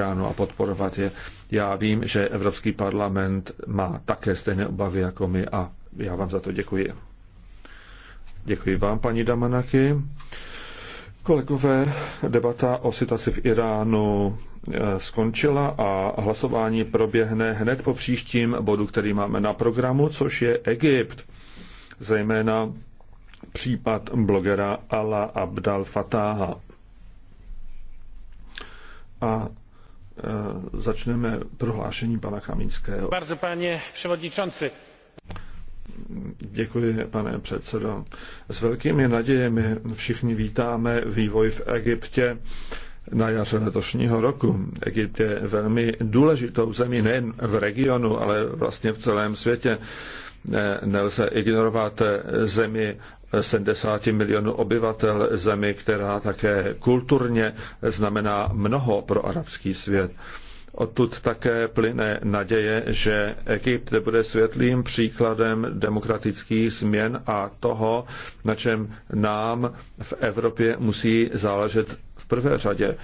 Iránu a podporovat je. Já vím, že Evropský parlament má také stejné obavy jako my a já vám za to děkuji. Děkuji vám, paní Damanaki. Kolegové, debata o situaci v Iránu eh, skončila a hlasování proběhne hned po příštím bodu, který máme na programu, což je Egypt. Zejména případ blogera Ala Abdal Fatáha. A Eh, začneme prohlášením pana Kamínského. Bardzo, panie przewodniczący. Děkuji, pane předsedo. S velkými nadějemi všichni vítáme vývoj v Egyptě na jaře letošního roku. Egypt je velmi důležitou zemí nejen v regionu, ale vlastně v celém světě. Eh, nelze ignorovat eh, zemi 70 milionů obyvatel, zemi, která také kulturně znamená mnoho pro arabský svět. Odtud také plyne naděje, že Egypt bude světlým příkladem demokratických změn a toho, na čem nám v Evropě musí záležet v prvé řadě.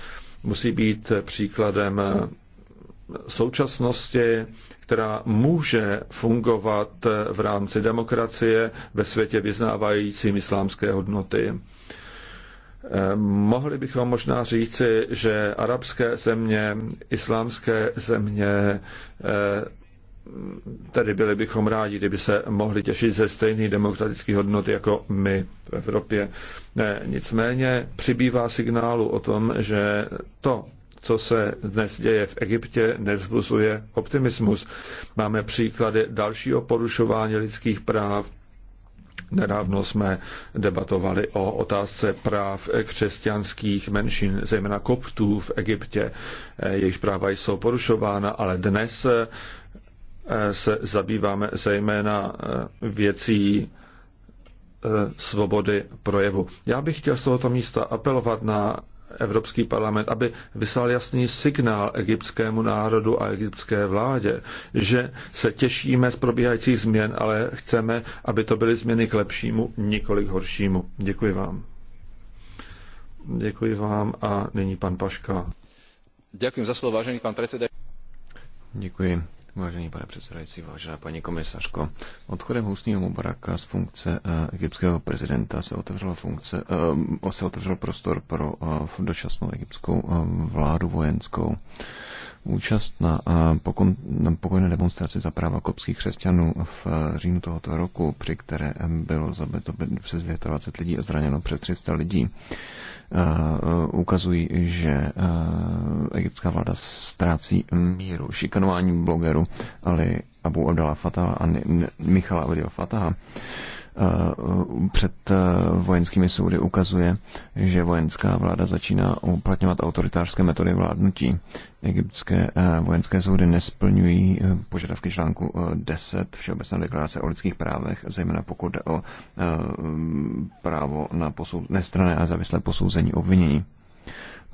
Musí být příkladem současnosti, která může fungovat v rámci demokracie ve světě vyznávajícím islámské hodnoty. Eh, mohli bychom možná říci, že arabské země, islámské země, eh, tedy byli bychom rádi, kdyby se mohli těšit ze stejných demokratických hodnot jako my v Evropě. Eh, nicméně přibývá signálu o tom, že to, co se dnes děje v Egyptě, nevzbuzuje optimismus. Máme příklady dalšího porušování lidských práv. Nedávno jsme debatovali o otázce práv křesťanských menšin, zejména koptů v Egyptě. Jejich práva jsou porušována, ale dnes eh, se zabýváme zejména eh, věcí eh, svobody projevu. Já bych chtěl z tohoto místa apelovat na Evropský parlament, aby vyslal jasný signál egyptskému národu a egyptské vládě, že se těšíme z probíhajících změn, ale chceme, aby to byly změny k lepšímu, nikoli k horšímu. Děkuji vám. Děkuji vám a nyní pan Paška. Děkuji za slovo, vážený pan předsedající. Děkuji. Vážený pane předsedající, vážená paní komisařko, odchodem Husního Mubaraka z funkce eh, egyptského prezidenta se otevřela, funkce, eh, se otevřel prostor pro eh, dočasnou egyptskou vládu vojenskou. Účast na, na pokojné demonstraci za práva kopských křesťanů v e, říjnu tohoto roku, při které bylo zabito přes 22 lidí a zraněno přes 300 lidí, e, e, ukazují, že egyptská vláda ztrácí míru. Šikanování blogeru Ali Abu Abdala Fataha a Michala Abdala Fataha Eh, před eh, vojenskými soudy ukazuje, že vojenská vláda začíná uplatňovat autoritářské metody vládnutí. Egyptské eh, vojenské soudy nesplňují požadavky článku 10 Všeobecné deklarace o lidských právech, zejména pokud jde o právo na posouz- nestrané a závislé posouzení obvinění.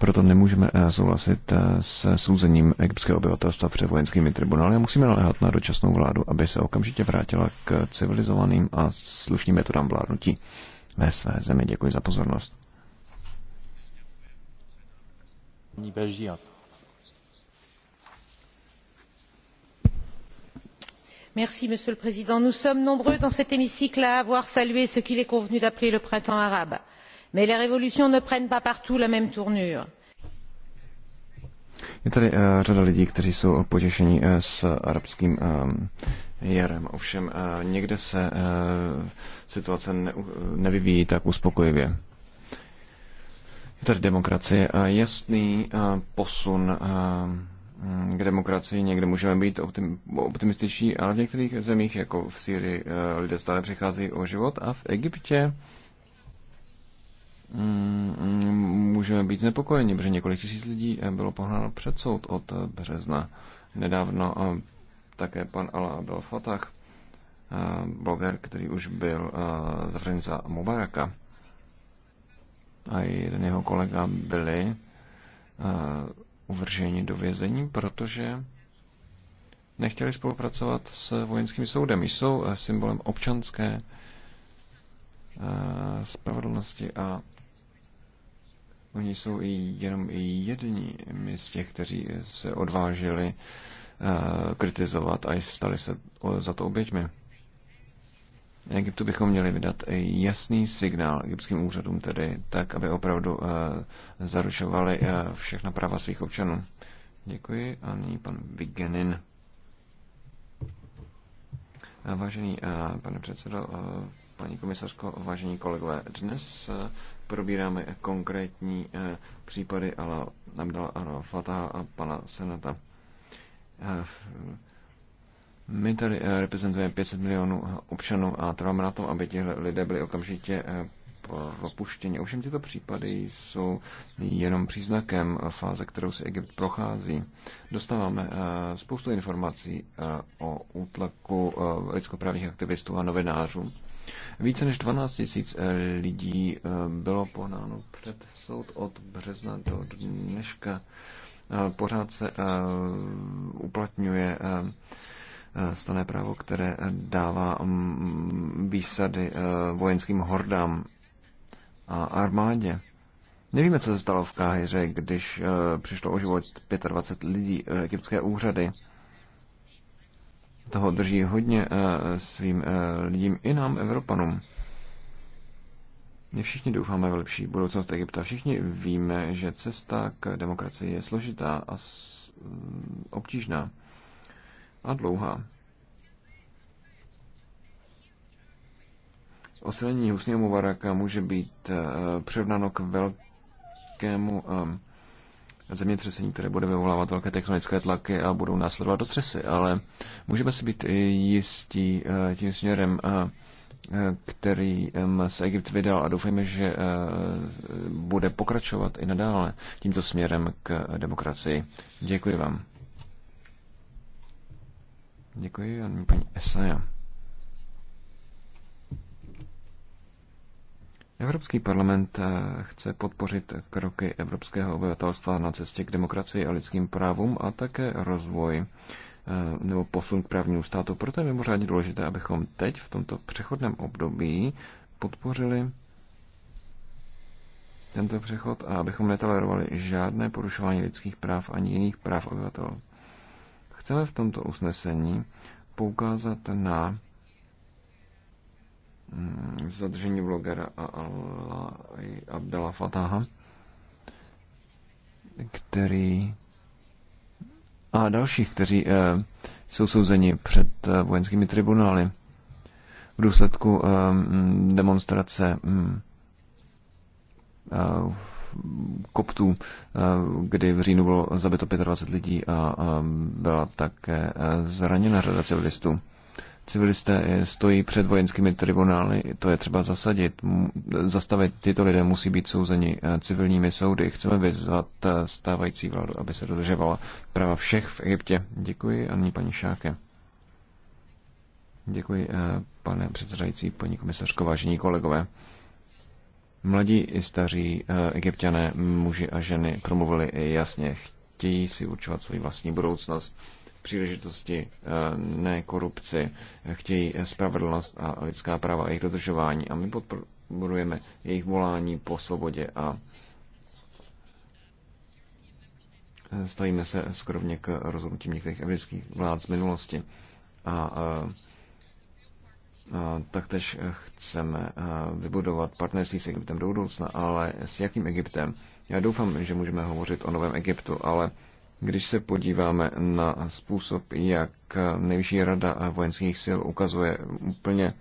Proto nemůžeme eh, souhlasit eh, s souzením egyptského obyvatelstva před vojenskými tribunály a musíme naléhat na dočasnou vládu, aby se okamžitě vrátila k civilizovaným a slušným metodám vládnutí ve své zemi. Děkuji za pozornost. Merci, monsieur le président nous sommes nombreux dans cet hémicycle à avoir salué ce qu'il est convenu d'appeler le printemps arabe mais les révolutions ne prennent pas partout la même tournure. Je tady uh, řada lidí, kteří jsou potěšení uh, s arabským um, jarem. Ovšem uh, někde se uh, situace ne, nevyvíjí tak uspokojivě. Je tady demokracie Uh, jasný uh, posun uh, k demokracii. Někde můžeme být optim, optimističní, ale v některých zemích, jako v Syrii, uh, lidé stále přicházejí o život a v Egyptě Mm, mm, můžeme být znepokojeni, protože několik tisíc lidí eh, bylo pohnáno před soud od eh, března. Nedávno eh, také pan Ala Abdel Fatah, bloger, který už byl zavřen za Mubaraka, a jeden jeho kolega byli uvrženi do vězení, protože nechtěli spolupracovat s vojenským soudem. Jsou symbolem občanské spravedlnosti a Oni jsou i jenom i jedni z těch, kteří se odvážili eh, kritizovat a stali se za to oběťmi. Egyptu bychom měli vydat jasný signál egyptským úřadům tedy, tak, aby opravdu eh, zaručovali eh, všechna práva svých občanů. Děkuji a nyní pan Vigenin. Vážený pane předsedo, paní komisařko, vážení kolegové. Dnes eh, probíráme konkrétní eh, případy ale Abdala Ara a pana Senata. Eh, my tady reprezentujeme 500 milionů občanů a trváme na tom, aby ti lidé byli okamžitě propuštěni. Ovšem tyto případy jsou jenom příznakem fáze, kterou si Egypt prochází. Dostáváme spoustu informací o útlaku lidskoprávních aktivistů a novinářů více než 12 tisíc eh, lidí eh, bylo pohnáno před soud od března do dneška. Eh, pořád se uplatňuje stané právo, které dává mm, výsady vojenským hordám a armádě. Nevíme, co se stalo v Káhyře, když přišlo o život 25 lidí egyptské úřady toho drží hodně eh, svým eh, lidím i nám, Evropanům. My všichni doufáme v lepší budoucnost Egypta. Všichni víme, že cesta k demokracii je složitá a mm, obtížná a dlouhá. Osvědčení Husního Mubaraka může být eh, převnáno k velkému um, zemětřesení, které bude vyvolávat velké technologické tlaky a budou následovat dotřesy, ale můžeme si být jistí eh, tím směrem, eh, eh, který se Egypt vydal a doufejme, že bude pokračovat i nadále tímto směrem k demokracii. Děkuji vám. Děkuji, paní Esaja. Evropský parlament eh, chce podpořit kroky evropského obyvatelstva na cestě k demokracii a lidským právům a také rozvoj eh, nebo posun k právnímu státu. Proto je mimořádně důležité, abychom teď v tomto přechodném období podpořili tento přechod a abychom netolerovali žádné porušování lidských práv ani jiných práv obyvatel. Chceme v tomto usnesení poukázat na Mm, zadržení blogera Abdala Fataha, který a dalších, kteří eh, jsou souzeni před eh, vojenskými tribunály v důsledku eh, demonstrace mm, koptů, kdy v říjnu bylo zabito 25 lidí a byla také zraněna řada civilistů civilisté stojí před vojenskými tribunály, to je třeba zasadit. Zastavit tyto lidé musí být souzeni eh, civilními soudy. Chceme vyzvat eh, stávající vládu, aby se dodržovala práva všech v Egyptě. Děkuji a nyní paní Šáke. Děkuji, eh, pane předsedající, paní komisařko, vážení kolegové. Mladí i staří egyptiané, muži a ženy promluvili jasně, chtějí si určovat svoji vlastní budoucnost příležitosti, eh, ne korupci, chtějí spravedlnost a lidská práva a jejich dodržování. A my podporujeme jejich volání po svobodě a eh, stavíme se skromně k rozhodnutím některých evropských vlád z minulosti. A, eh, a, a taktež chceme vybudovat partnerství s Egyptem do budoucna, ale s jakým Egyptem? Já doufám, že můžeme hovořit o novém Egyptu, ale když se podíváme na způsob, jak nejvyšší rada vojenských sil ukazuje úplně,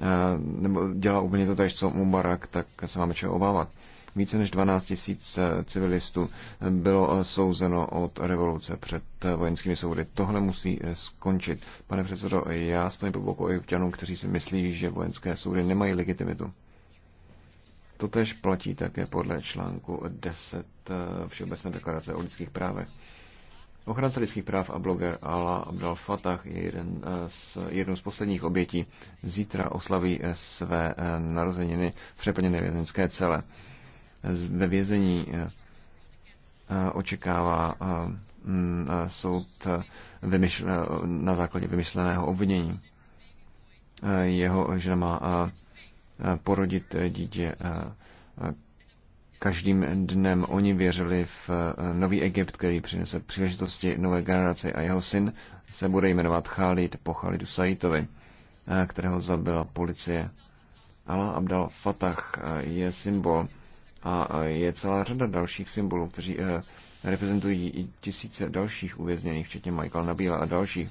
eh, nebo dělá úplně to tež, co Mubarak, tak se máme čeho obávat. Více než 12 tisíc eh, civilistů bylo eh, souzeno od revoluce před vojenskými soudy. Tohle musí skončit. Pane předsedo, já stojím po boku egyptianů, kteří si myslí, že vojenské soudy nemají legitimitu. Totež platí také podle článku 10 eh, Všeobecné deklarace o lidských právech. Ochránce lidských práv a bloger Ala Abdel Fatah je jeden eh, z, jednou z posledních obětí. Zítra oslaví eh, své narozeniny v přeplněné vězeňské cele. Ve vězení očekává mm, soud na základě vymyšleného obvinění. Jeho žena má porodit eh, dítě každým dnem. Oni věřili v eh, nový Egypt, který přinese příležitosti nové generaci a jeho syn se bude jmenovat Khalid po Khalidu Saitovi, eh, kterého zabila policie. Ala Abdal Fatah je symbol a je celá řada dalších symbolů, kteří reprezentují i tisíce dalších uvězněných, včetně Michael Nabila a dalších.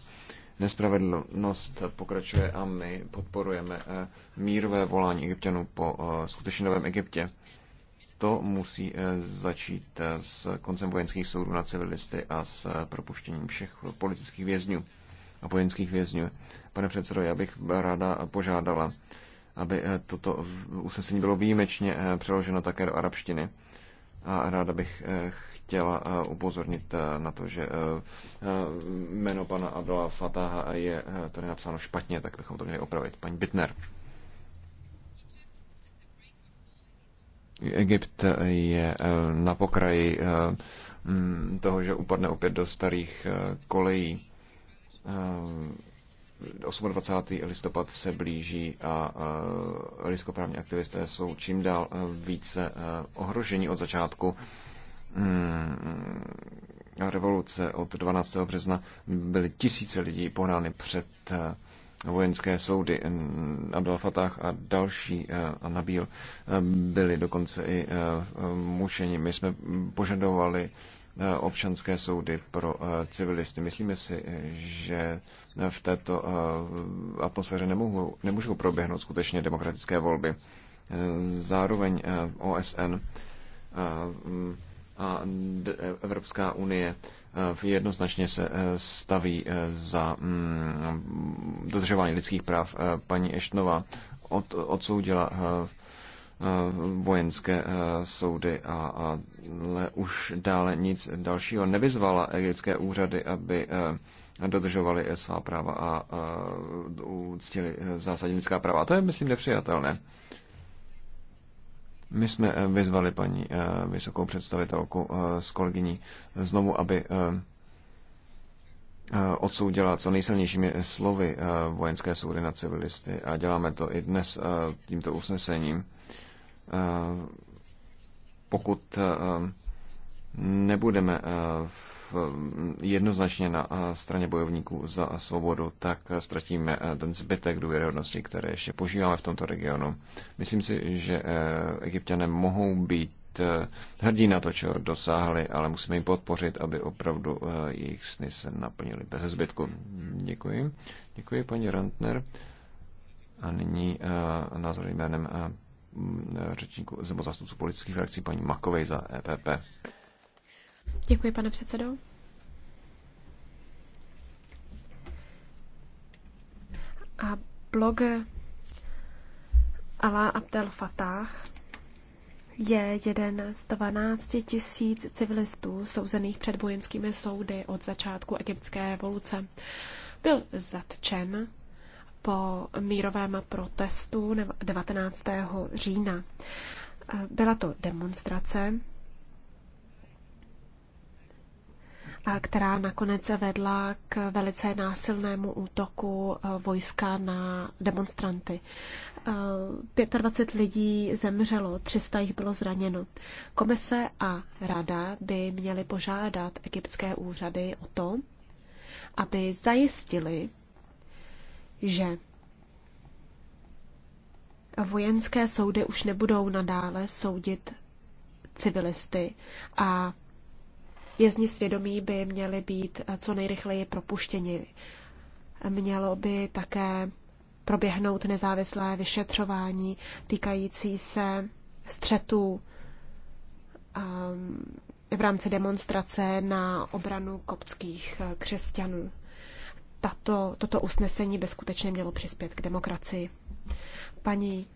Nespravedlnost pokračuje a my podporujeme eh, mírové volání egyptianů po eh, skutečně novém Egyptě. To musí eh, začít s koncem vojenských soudů na civilisty a s propuštěním všech politických vězňů a vojenských vězňů. Pane předsedo, já bych ráda požádala, aby toto usnesení bylo výjimečně přeloženo také do arabštiny. A ráda bych eh, chtěla eh, upozornit eh, na to, že jméno pana Abdala Fataha je tady napsáno špatně, tak bychom to měli opravit. Paní Bitner. Egypt je na pokraji mm, toho, že upadne opět do starých kolejí 28. listopad se blíží a lidskoprávní aktivisté jsou čím dál více ohroženi od začátku revoluce od 12. března byly tisíce lidí pohnány před vojenské soudy. Abdel Fatah a další a Nabil byli dokonce i mučeni. My jsme požadovali Eh, občanské soudy pro eh, civilisty. Myslíme si, eh, že v této atmosféře nemohou, nemůžou proběhnout skutečně demokratické volby. Zároveň OSN mm, a Evropská unie jednoznačně se staví za mm, dodržování lidských práv. Paní Eštnova odsoudila Eh, vojenské eh, soudy, a, ale už dále nic dalšího nevyzvala egyptské úřady, aby eh, dodržovali svá práva a uctili zásadní lidská práva. A to je, myslím, nepřijatelné. My jsme vyzvali paní vysokou představitelku s kolegyní znovu, aby odsoudila co nejsilnějšími slovy vojenské soudy na civilisty a děláme to i dnes tímto usnesením. Eh, pokud eh, nebudeme eh, jednoznačně na straně bojovníků za svobodu, tak ztratíme ten zbytek důvěryhodnosti, které ještě požíváme v tomto regionu. Myslím si, že egyptiané mohou být hrdí na to, co dosáhli, ale musíme jim podpořit, aby opravdu jejich sny se naplnili bez zbytku. Děkuji. Děkuji, paní Rantner. A nyní názor jménem Mm, řečníku, nebo zastupců politických frakcí paní Makovej za EPP. Děkuji, pane předsedo. A bloger Ala Abdel Fatah je jeden z 12 tisíc civilistů souzených před vojenskými soudy od začátku egyptské revoluce. Byl zatčen po mírovém protestu 19. října. Byla to demonstrace, která nakonec vedla k velice násilnému útoku e, vojska na demonstranty. 25 e, lidí zemřelo, 300 jich bylo zraněno. Komise a rada by měly požádat egyptské úřady o to, aby zajistili že vojenské soudy už nebudou nadále soudit civilisty a vězni svědomí by měli být co nejrychleji propuštěni. Mělo by také proběhnout nezávislé vyšetřování týkající se střetů um, v rámci demonstrace na obranu koptských křesťanů tato, toto usnesení by skutečně mělo přispět k demokracii. Paní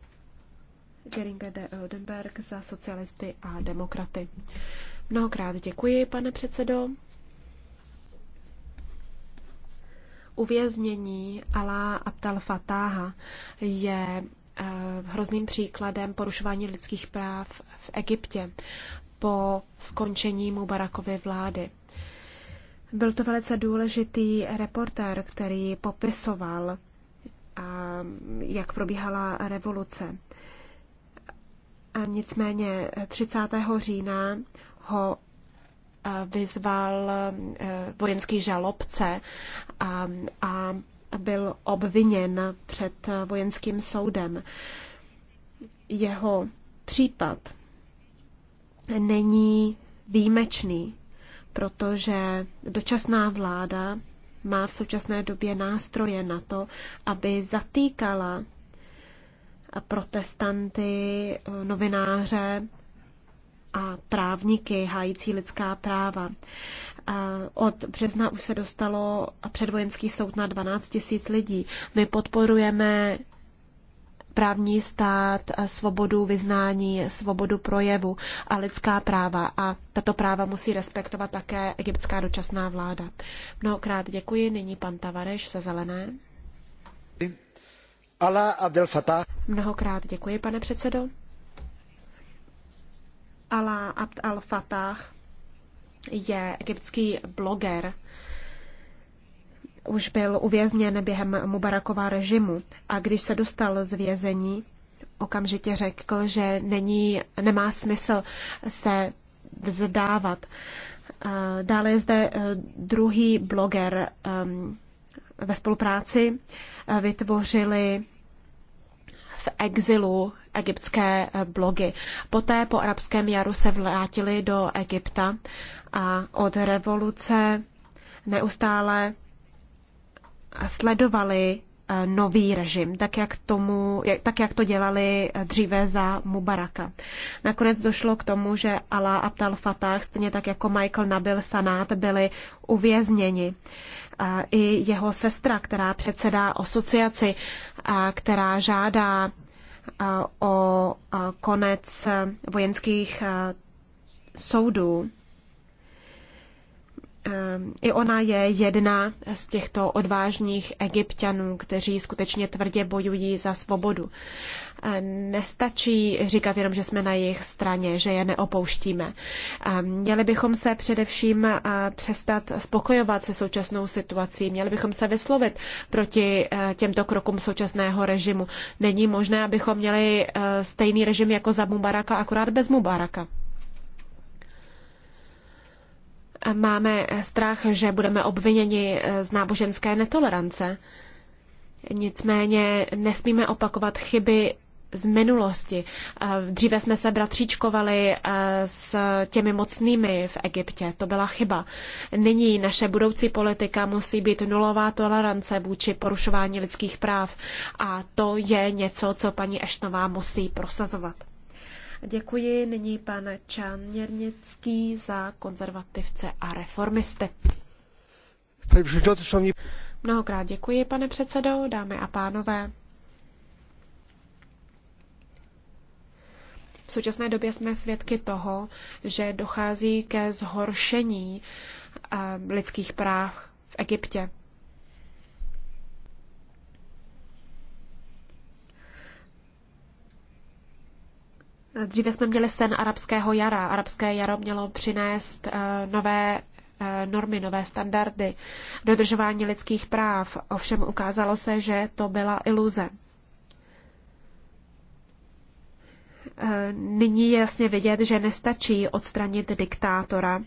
Geringer de Oldenberg za socialisty a demokraty. Mnohokrát děkuji, pane předsedo. Uvěznění Alá Abdal Fatáha je eh, hrozným příkladem porušování lidských práv v Egyptě po skončení Mubarakovy vlády. Byl to velice důležitý reportér, který popisoval, jak probíhala revoluce. A nicméně 30. října ho vyzval vojenský žalobce a, a byl obviněn před vojenským soudem. Jeho případ není výjimečný protože dočasná vláda má v současné době nástroje na to, aby zatýkala protestanty, novináře a právníky hájící lidská práva. Od března už se dostalo předvojenský soud na 12 000 lidí. My podporujeme právní stát, svobodu vyznání, svobodu projevu a lidská práva. A tato práva musí respektovat také egyptská dočasná vláda. Mnohokrát děkuji. Nyní pan Tavareš se zelené. Ala Abdel Fattah. Mnohokrát děkuji, pane předsedo. Ala Abd al-Fatah je egyptský bloger, už byl uvězněn během Mubarakova režimu a když se dostal z vězení, okamžitě řekl, že není, nemá smysl se vzdávat. Dále je zde eh, druhý bloger ehm, ve spolupráci. Eh, vytvořili v exilu egyptské eh, blogy. Poté po arabském jaru se vrátili do Egypta a od revoluce neustále sledovali eh, nový režim, tak jak, tomu, tak jak to dělali eh, dříve za Mubaraka. Nakonec došlo k tomu, že Ala Abdel Fatah, stejně tak jako Michael Nabil Sanát, byli uvězněni. Eh, I jeho sestra, která předsedá asociaci, která žádá o konec vojenských soudů, i ona je jedna z těchto odvážných egyptianů, kteří skutečně tvrdě bojují za svobodu. E, nestačí říkat jenom, že jsme na jejich straně, že je neopouštíme. E, měli bychom se především e, přestat spokojovat se současnou situací, měli bychom se vyslovit proti těmto krokům současného režimu. Není možné, abychom měli stejný režim jako za Mubaraka, akorát bez Mubaraka. Máme strach, že budeme obviněni eh, z náboženské netolerance. Nicméně nesmíme opakovat chyby z minulosti. Eh, dříve jsme se bratříčkovali eh, s těmi mocnými v Egyptě. To byla chyba. Nyní naše budoucí politika musí být nulová tolerance vůči porušování lidských práv. A to je něco, co paní Eštová musí prosazovat. Děkuji nyní pan Čaměrnický za konzervativce a reformisty. Mnohokrát děkuji, pane předsedo, dámy a pánové. V současné době jsme svědky toho, že dochází ke zhoršení eh, lidských práv v Egyptě. Dříve jsme měli sen arabského jara. Arabské jaro mělo přinést eh, nové eh, normy, nové standardy, dodržování lidských práv. Ovšem ukázalo se, že to byla iluze. Eh, nyní je jasně vidět, že nestačí odstranit diktátora,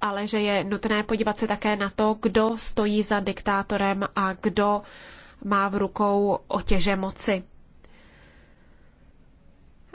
ale že je nutné podívat se také na to, kdo stojí za diktátorem a kdo má v rukou otěže moci.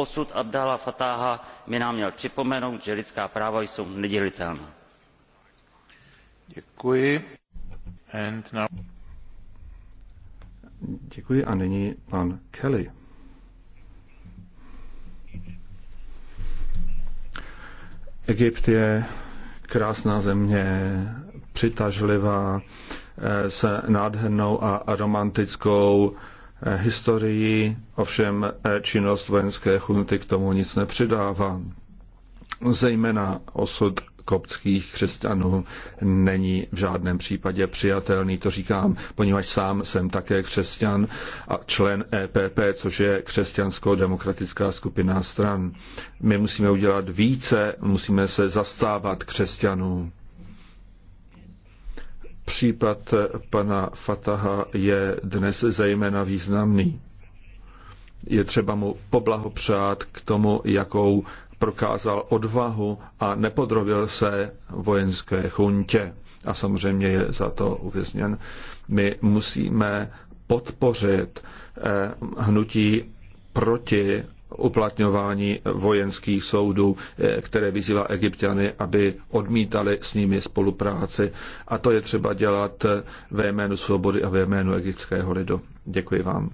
osud abdála fattáha by nám měl připomenout že lidská práva jsou nedělitelná. Děkuji. Děkuji pan Kelly. Egypt je krásná země, přitažlivá, eh, s nádhernou a romantickou historii, ovšem eh, činnost vojenské chunty k tomu nic nepřidává. Zejména osud koptských křesťanů není v žádném případě přijatelný. To říkám, poněvadž sám jsem také křesťan a člen EPP, což je křesťansko-demokratická skupina stran. My musíme udělat více, musíme se zastávat křesťanů. Případ pana Fataha je dnes zejména významný. Je třeba mu poblahopřát k tomu, jakou prokázal odvahu a nepodrobil se vojenské chuntě. A samozřejmě je za to uvězněn. My musíme podpořit eh, hnutí proti uplatňování vojenských soudů, eh, které vyzývá egyptiany, aby odmítali s nimi spolupráci. A to je třeba dělat eh, ve jménu svobody a ve jménu egyptského lidu. Děkuji vám.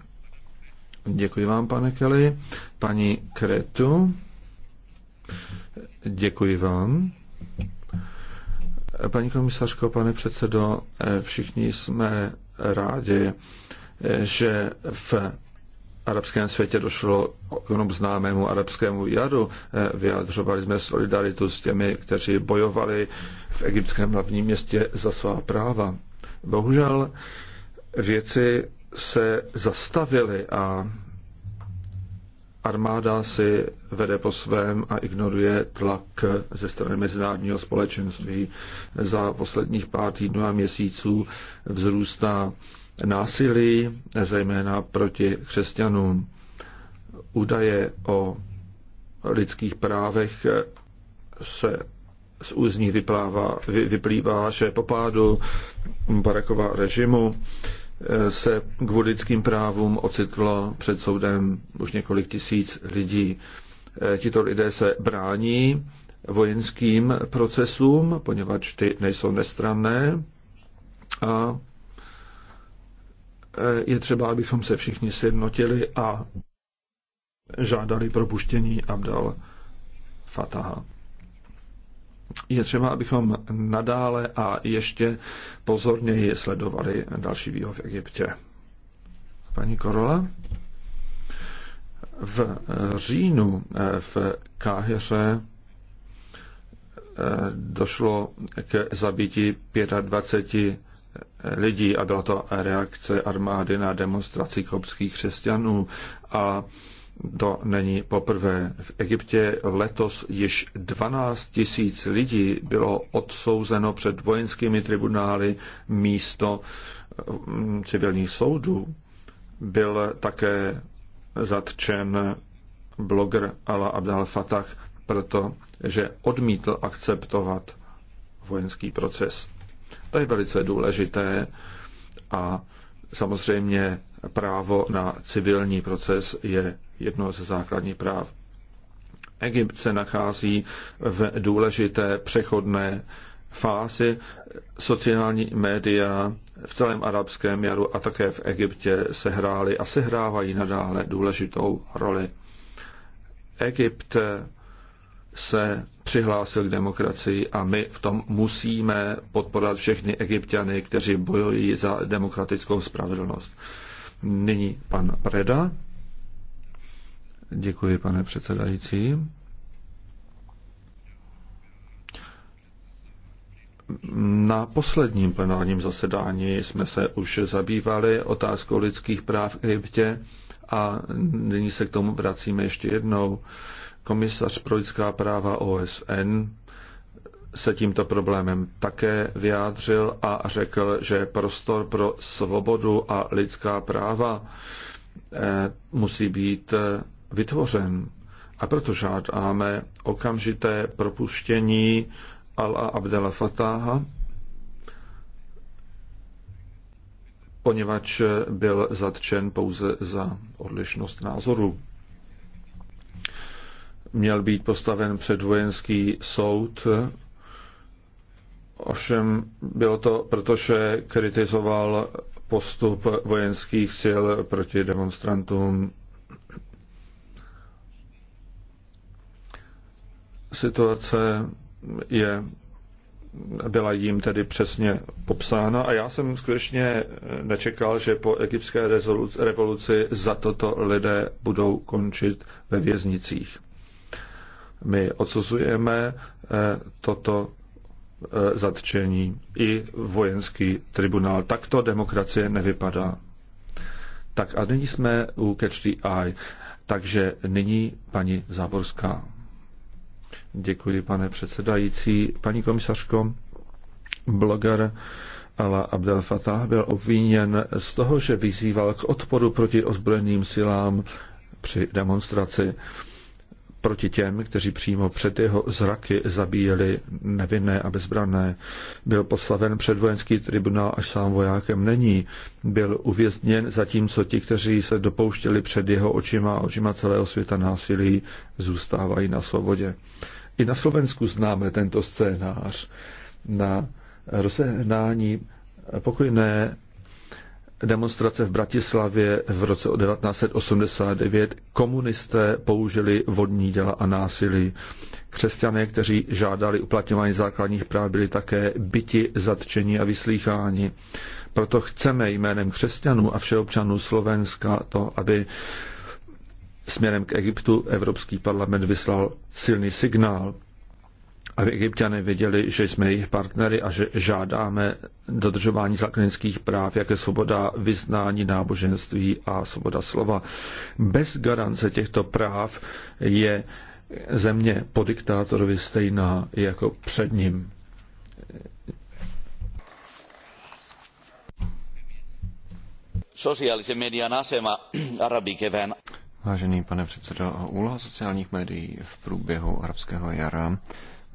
Děkuji vám, pane Kelly. Paní Kretu, děkuji vám. Paní komisařko, pane předsedo, eh, všichni jsme rádi, že v arabském světě došlo jenom známému arabskému jaru. Eh, vyjadřovali jsme solidaritu s těmi, kteří bojovali v egyptském hlavním městě za svá práva. Bohužel věci se zastavily a armáda si vede po svém a ignoruje tlak ze strany mezinárodního společenství. Za posledních pár týdnů a měsíců vzrůstá násilí, zejména proti křesťanům. Údaje o lidských právech se z úzních vyplává, vy, vyplývá, že po pádu Barakova režimu se kvůli lidským právům ocitlo před soudem už několik tisíc lidí. Tito lidé se brání vojenským procesům, poněvadž ty nejsou nestranné a Eh, je třeba, abychom se všichni sjednotili a žádali propuštění Abdal Fataha. Je třeba, abychom nadále a ještě pozorněji sledovali další vývoj v Egyptě. Paní Korola? V eh, říjnu eh, v Káheře došlo k zabití 25 lidí a byla to reakce armády na demonstraci kopských křesťanů a to není poprvé. V Egyptě letos již 12 tisíc lidí bylo odsouzeno před vojenskými tribunály místo mm, civilních soudů. Byl také zatčen bloger Ala Abdel Fatah, protože odmítl akceptovat vojenský proces. To je velice důležité a samozřejmě právo na civilní proces je jedno ze základních práv. Egypt se nachází v důležité přechodné fázi. Sociální média v celém arabském jaru a také v Egyptě sehrály a sehrávají nadále důležitou roli. Egypt se přihlásil k demokracii a my v tom musíme podporovat všechny egyptiany, kteří bojují za demokratickou spravedlnost. Nyní pan Preda. Děkuji, pane předsedající. Na posledním plenárním zasedání jsme se už zabývali otázkou lidských práv v Egyptě a nyní se k tomu vracíme ještě jednou. Komisař pro lidská práva OSN se tímto problémem také vyjádřil a řekl, že prostor pro svobodu a lidská práva eh, musí být eh, vytvořen. A proto žádáme okamžité propuštění Ala Abdela Fatáha, poněvadž byl zatčen pouze za odlišnost názoru. Měl být postaven před vojenský soud, ovšem bylo to, protože kritizoval postup vojenských sil proti demonstrantům. Situace je byla jim tedy přesně popsána a já jsem skutečně eh, nečekal, že po egyptské revoluci za toto lidé budou končit ve věznicích. My odsuzujeme eh, toto eh, zatčení i vojenský tribunál. Takto demokracie nevypadá. Tak a nyní jsme u Catch the Eye. Takže nyní paní Záborská. Děkuji, pane předsedající. Paní komisařko, bloger Ala Abdel Fattah byl obviněn z toho, že vyzýval k odporu proti ozbrojeným silám při demonstraci proti těm, kteří přímo před jeho zraky zabíjeli nevinné a bezbrané. Byl poslaven před vojenský tribunál, až sám vojákem není. Byl uvězněn, zatímco ti, kteří se dopouštěli před jeho očima a očima celého světa násilí, zůstávají na svobodě. I na Slovensku známe tento scénář. Na rozehnání pokojné demonstrace v Bratislavě v roce 1989 komunisté použili vodní děla a násilí. Křesťané, kteří žádali uplatňování základních práv, byli také byti, zatčeni a vyslýcháni. Proto chceme jménem křesťanů a všeobčanů Slovenska to, aby směrem k Egyptu Evropský parlament vyslal silný signál aby egyptiané věděli, že jsme jejich partnery a že žádáme dodržování základnických práv, jak je svoboda vyznání, náboženství a svoboda slova. Bez garance těchto práv je země po diktátorovi stejná jako před ním. média median asema arabikevään Vážený pane předsedo, úloha sociálních médií v průběhu arabského jara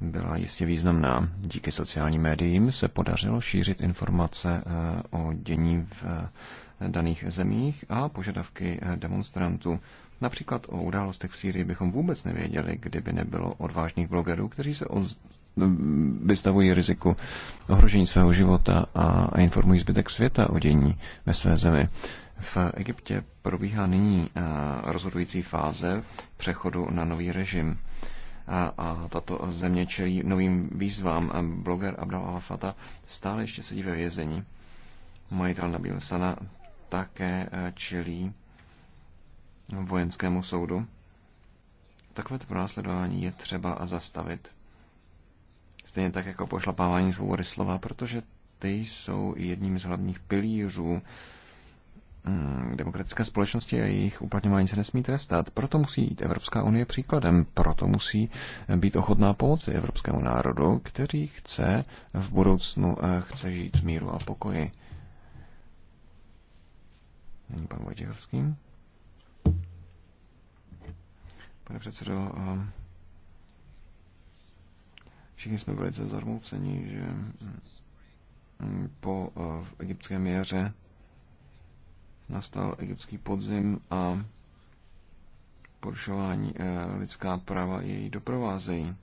byla jistě významná. Díky sociálním médiím se podařilo šířit informace eh, o dění v eh, daných zemích a požadavky eh, demonstrantů. Například o událostech v Sýrii bychom vůbec nevěděli, kdyby nebylo odvážných blogerů, kteří se oz... vystavují riziku ohrožení svého života a informují zbytek světa o dění ve své zemi. V Egyptě probíhá nyní rozhodující fáze přechodu na nový režim a tato země čelí novým výzvám. Bloger Abdal Al-Fata stále ještě sedí ve vězení. Majitel Nabil Sana také e, čelí vojenskému soudu. Takové pronásledování je třeba zastavit. Stejně tak jako pošlapávání svobody slova, protože ty jsou jedním z hlavních pilířů Mm, demokratické společnosti a jejich uplatňování se nesmí trestat. Proto musí jít Evropská unie příkladem, proto musí být ochotná pomoci evropskému národu, který chce v budoucnu eh, chce žít v míru a pokoji. Není pan Vojtěchovský? Pane předsedo, ehm, všichni jsme velice zarmouceni, že mm, po eh, egyptském jaře Nastal egyptský podzim a porušování eh, lidská práva její doprovázejí.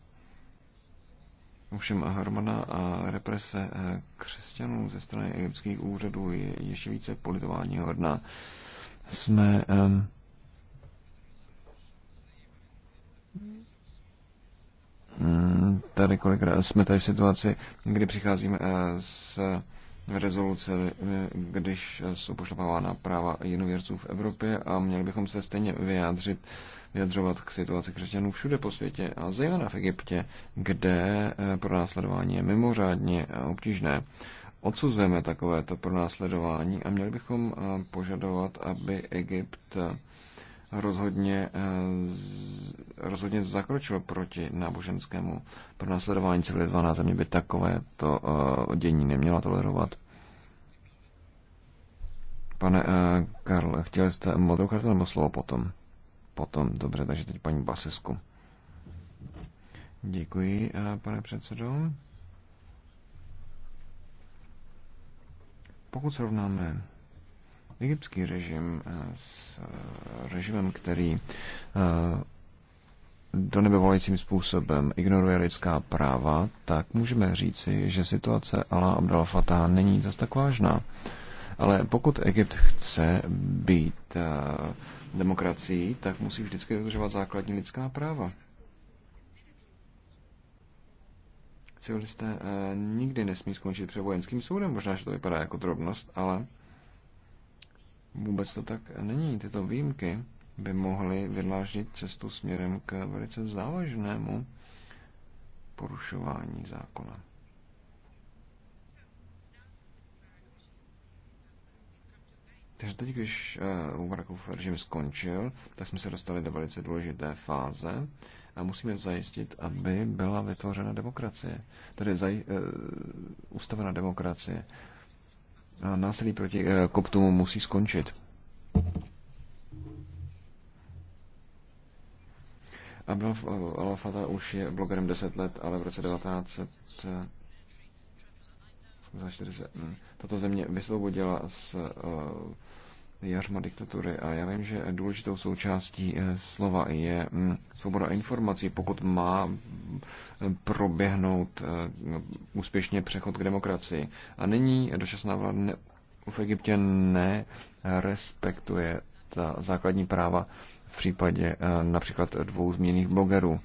Ovšem hromada a eh, represe eh, křesťanů ze strany egyptských úřadů je ještě více politování hodná. Jsme um, tady kolikrát jsme tady v situaci, kdy přicházíme s rezoluce, když jsou pošlapována práva jinověrců v Evropě a měli bychom se stejně vyjádřit, vyjadřovat k situaci křesťanů všude po světě a zejména v Egyptě, kde eh, pronásledování je mimořádně eh, obtížné. Odsuzujeme takovéto pronásledování a měli bychom eh, požadovat, aby Egypt rozhodně, eh, rozhodně zakročil proti náboženskému pronásledování civilizovaná země by takové to eh, dění neměla tolerovat. Pane eh, Karl chtěli jste modrou kartu nebo slovo potom? Potom, dobře, takže teď paní Basisku. Děkuji, pane předsedo. Pokud srovnáme egyptský režim eh, s eh, režimem, který eh, do nebevolajícím způsobem ignoruje lidská práva, tak můžeme říci, že situace Ala Abdel Fatah není zas tak vážná. Ale pokud Egypt chce být demokracií, tak musí vždycky dodržovat základní lidská práva. Civilisté nikdy nesmí skončit před vojenským soudem. Možná, že to vypadá jako drobnost, ale Vůbec to tak není. Tyto výjimky by mohly vydlážit cestu směrem k velice závažnému porušování zákona. Takže teď, když eh, Umarkův režim skončil, tak jsme se dostali do velice důležité fáze a musíme zajistit, aby byla vytvořena demokracie. Tedy zaj, uh, eh, ustavena demokracie. A násilí proti eh, koptům musí skončit. Abdel eh, Al-Fatah už je blogerem 10 let, ale v roce 1940 eh, hm, tato země vysvobodila z jařma diktatury a já vím, že důležitou součástí eh, slova je mm, svoboda informací, pokud má mm, proběhnout eh, úspěšně přechod k demokracii. A nyní dočasná vláda ne, v Egyptě nerespektuje ta základní práva v případě eh, například dvou změných blogerů.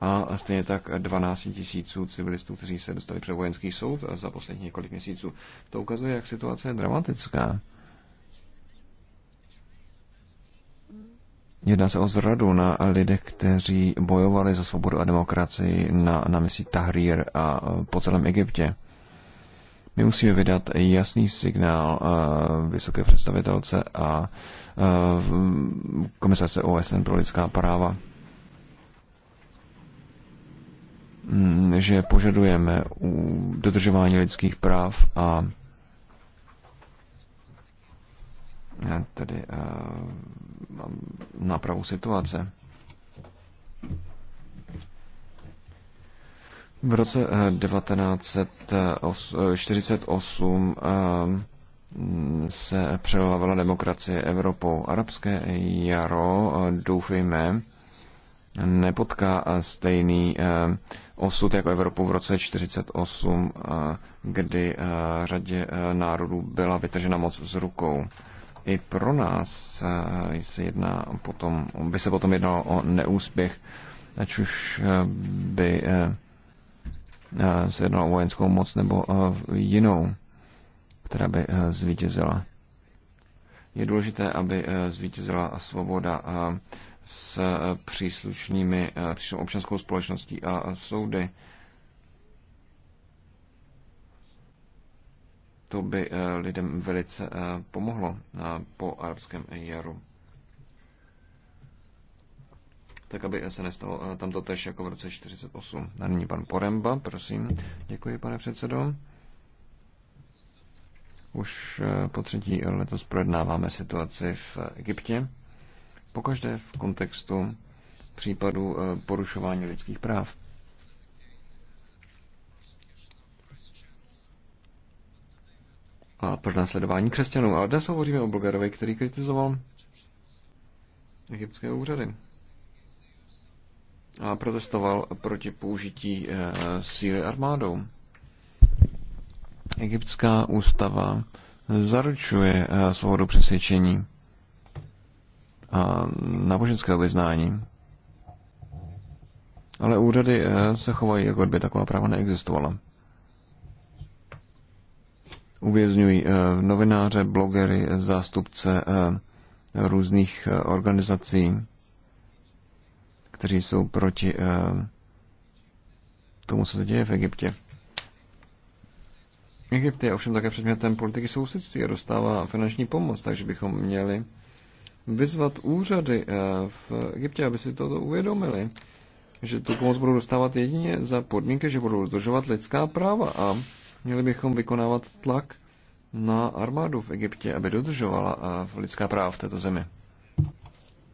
A stejně tak 12 tisíců civilistů, kteří se dostali před vojenský soud za posledních několik měsíců. To ukazuje, jak situace je dramatická. Jedná se o zradu na lidech, kteří bojovali za svobodu a demokracii na, na misi Tahrir a e, po celém Egyptě. My musíme vydat jasný signál e, vysoké představitelce a e, komisace OSN pro lidská práva, mm, že požadujeme dodržování lidských práv a tedy nápravu situace. V roce 1948 eh, eh, se přelovala demokracie Evropou. Arabské jaro, eh, doufejme, nepotká stejný osud jako Evropu v roce 1948, kdy řadě národů byla vytržena moc z rukou i pro nás eh, se jedná potom, by se potom jednalo o neúspěch, ať už eh, by eh, se jednalo o vojenskou moc nebo jinou, která by zvítězila. Je důležité, aby zvítězila svoboda s příslušnými, příslušnou občanskou společností a soudy To by eh, lidem velice eh, pomohlo eh, po arabském jaru. Tak, aby se nestalo tam to tež jako v roce 48. A nyní pan Poremba, prosím. Děkuji, pane předsedo. Už po třetí letos projednáváme situaci v Egyptě. Pokaždé v kontextu případu porušování lidských práv. a pro následování křesťanů. Ale dnes hovoříme o Bulgarovi, který kritizoval egyptské úřady a protestoval proti použití e, síly armádou. Egyptská ústava zaručuje e, svobodu přesvědčení a náboženského vyznání. Ale úřady e, se chovají, jako by taková práva neexistovala uvězňují eh, novináře, blogery, zástupce eh, různých eh, organizací, kteří jsou proti tomu, co se děje v Egyptě. Egypt je ovšem také předmětem politiky sousedství a dostává finanční pomoc, takže bychom měli vyzvat úřady v Egyptě, aby si toto uvědomili, že tu pomoc budou dostávat jedině za podmínky, že budou dodržovat lidská práva a Měli bychom vykonávat tlak na armádu v Egyptě, aby dodržovala eh, lidská práva v této zemi.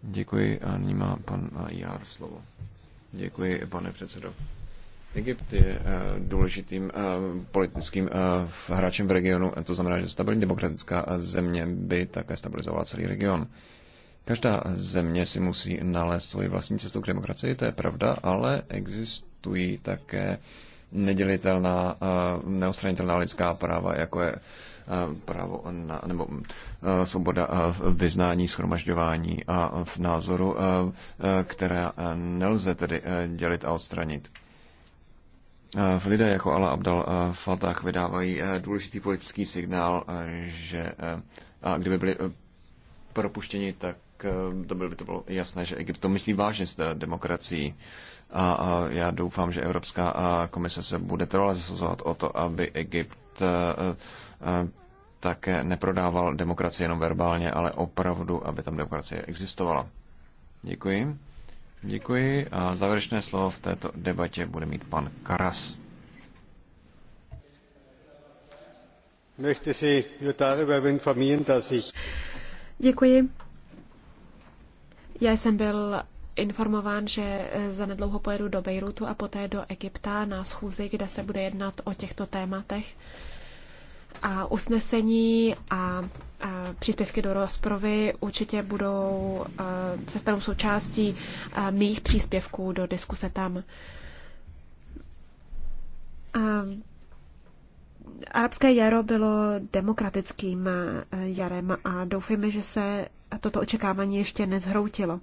Děkuji a nyní má pan eh, Jár slovo. Děkuji, pane předsedo. Egypt je eh, důležitým politickým hráčem v regionu, to znamená, že stabilní demokratická země by také stabilizovala celý region. Každá země si musí nalézt svoji vlastní cestu k demokracii, to je pravda, ale existují také nedělitelná, eh, neostranitelná lidská práva, jako je eh, právo na, nebo eh, svoboda vyznání, schromažďování a v názoru, která nelze tedy dělit a odstranit. Lidé jako Ala Abdal Fatah vydávají důležitý politický signál, že a kdyby byli propuštěni, tak to by, by to bylo jasné, že Egypt to myslí vážně s demokracií. A já doufám, že Evropská komise se bude trvale zasazovat o to, aby Egypt také neprodával demokracii jenom verbálně, ale opravdu, aby tam demokracie existovala. Děkuji. Děkuji a závěrečné slovo v této debatě bude mít pan Karas. Möchte Sie darüber informieren, dass ich Děkuji. Já jsem byl informován, že eh, zanedlouho pojedu do Bejrutu a poté do Egypta na schůzi, kde se bude jednat o těchto tématech. A usnesení a, a příspěvky do rozprovy určitě budou, eh, se stanou součástí eh, mých příspěvků do diskuse tam. A, arabské jaro bylo demokratickým jarem a doufejme, že se toto očekávání ještě nezhroutilo.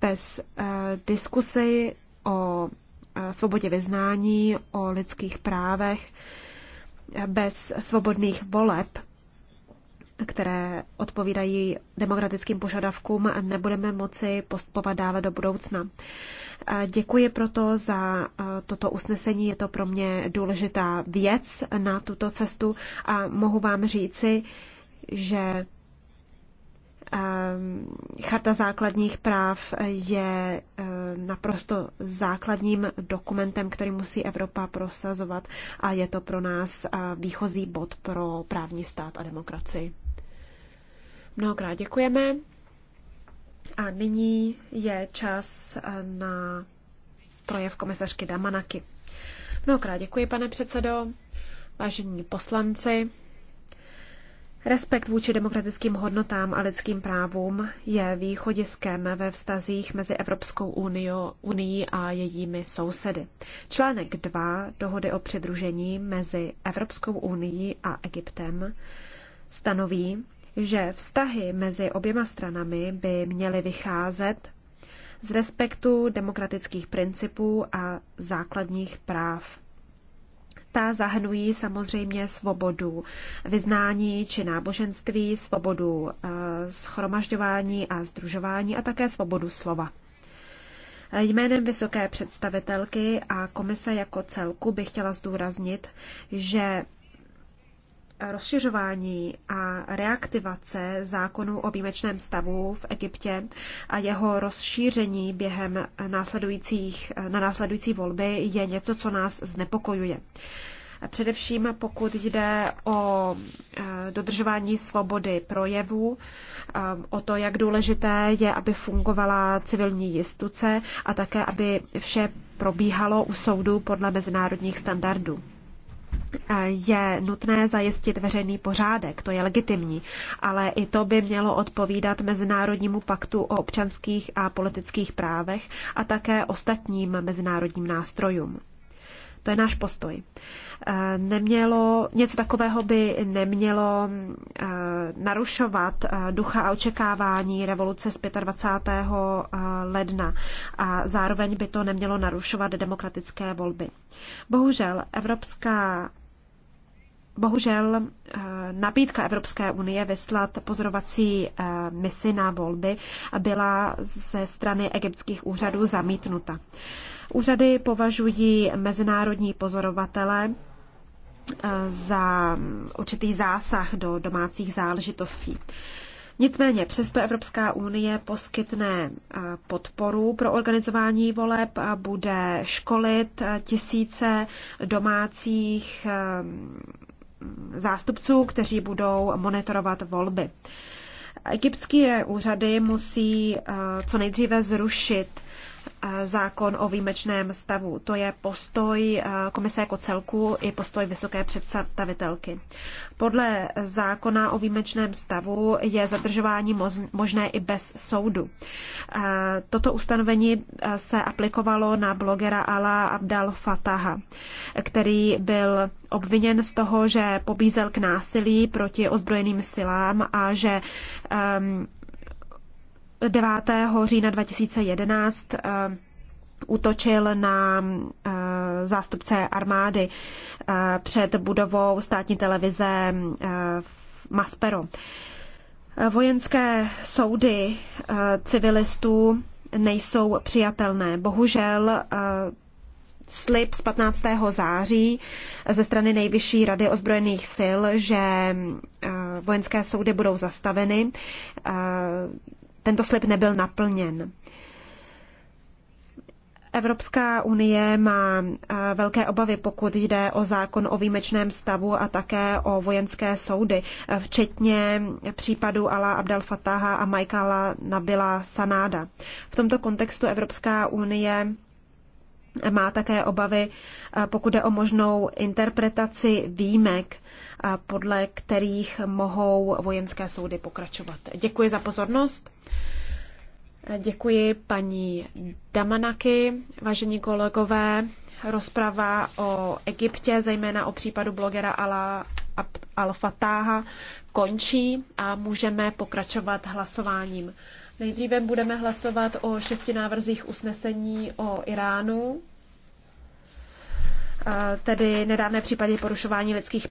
Bez eh, diskusy o eh, svobodě vyznání, o lidských právech, bez svobodných voleb, které odpovídají demokratickým požadavkům, nebudeme moci postupovat dále do budoucna. Eh, děkuji proto za toto usnesení, je to pro mě důležitá věc na tuto cestu a mohu vám říci, že Ehm, Charta základních práv je ehm, naprosto základním dokumentem, který musí Evropa prosazovat a je to pro nás výchozí bod pro právní stát a demokracii. Mnohokrát děkujeme. A nyní je čas e, na projev komisařky Damanaky. Mnohokrát děkuji, pane předsedo, vážení poslanci, Respekt vůči demokratickým hodnotám a lidským právům je východiskem ve vztazích mezi Evropskou unio, unii a jejími sousedy. Článek 2 dohody o přidružení mezi Evropskou unii a Egyptem stanoví, že vztahy mezi oběma stranami by měly vycházet z respektu demokratických principů a základních práv ta zahrnují samozřejmě svobodu vyznání či náboženství, svobodu eh, schromažďování a združování a také svobodu slova. Jménem vysoké představitelky a komise jako celku bych chtěla zdůraznit, že rozšiřování a reaktivace zákonu o výjimečném stavu v Egyptě a jeho rozšíření během následujících, na následující volby je něco, co nás znepokojuje. Především pokud jde o eh, dodržování svobody projevu, eh, o to, jak důležité je, aby fungovala civilní jistuce a také, aby vše probíhalo u soudu podle mezinárodních standardů je nutné zajistit veřejný pořádek, to je legitimní, ale i to by mělo odpovídat Mezinárodnímu paktu o občanských a politických právech a také ostatním mezinárodním nástrojům. To je náš postoj. E, nemělo, něco takového by nemělo e, narušovat e, ducha a očekávání revoluce z 25. ledna a zároveň by to nemělo narušovat demokratické volby. Bohužel Evropská Bohužel eh, nabídka Evropské unie vyslat pozorovací eh, misi na volby byla ze strany egyptských úřadů zamítnuta. Úřady považují mezinárodní pozorovatele eh, za určitý zásah do domácích záležitostí. Nicméně přesto Evropská unie poskytne podporu pro organizování voleb a bude školit tisíce domácích zástupců, kteří budou monitorovat volby. Egyptské úřady musí eh, co nejdříve zrušit Eh, zákon o výjimečném stavu. To je postoj eh, komise jako celku i postoj vysoké představitelky. Podle zákona o výjimečném stavu je zadržování možné i bez soudu. Eh, toto ustanovení se aplikovalo na blogera Ala Abdal Fataha, který byl obviněn z toho, že pobízel k násilí proti ozbrojeným silám a že um, 9. října 2011 eh, útočil na eh, zástupce armády eh, před budovou státní televize Maspero. Vojenské soudy civilistů nejsou přijatelné. Bohužel slib z 15. září ze strany Nejvyšší rady ozbrojených sil, že vojenské soudy budou zastaveny, tento slib nebyl naplněn. Evropská unie má eh, velké obavy, pokud jde o zákon o výjimečném stavu a také o vojenské soudy, eh, včetně případu Ala Abdel Fataha a Michaela Nabila Sanáda. V tomto kontextu Evropská unie má také obavy, eh, pokud jde o možnou interpretaci výjimek, eh, podle kterých mohou vojenské soudy pokračovat. Děkuji za pozornost. Eh, děkuji paní Damanaky, vážení kolegové. Rozprava o Egyptě, zejména o případu blogera Ala Al-Fatáha, končí a můžeme pokračovat hlasováním. Nejdříve budeme hlasovat o šesti návrzích usnesení o Iránu, tedy nedávné případy porušování lidských